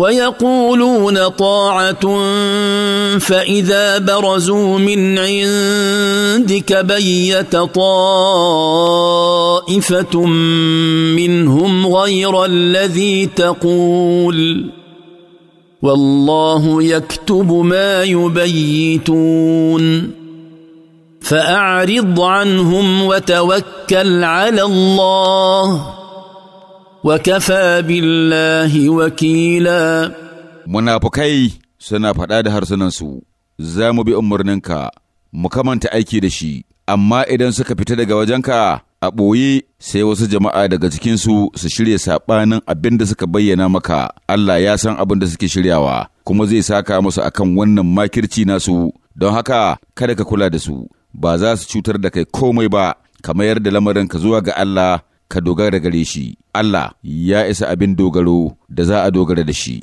ويقولون طاعه فاذا برزوا من عندك بيت طائفه منهم غير الذي تقول والله يكتب ما يبيتون فاعرض عنهم وتوكل على الله وكفى wakila وكيلا munafukai suna faɗa da harsunansu za mu bi umarninka mu kamanta aiki da shi amma idan suka fita daga wajenka a ɓoye sai wasu jama'a daga cikinsu su shirya saɓanin abin da suka bayyana maka Allah ya san abin da suke shiryawa kuma zai saka musu akan wannan makirci nasu don haka kada ka kula da su ba za su cutar da kai komai ba ka mayar da lamarinka zuwa ga Allah ka dogara gare shi Allah ya isa abin dogaro da za a dogara da shi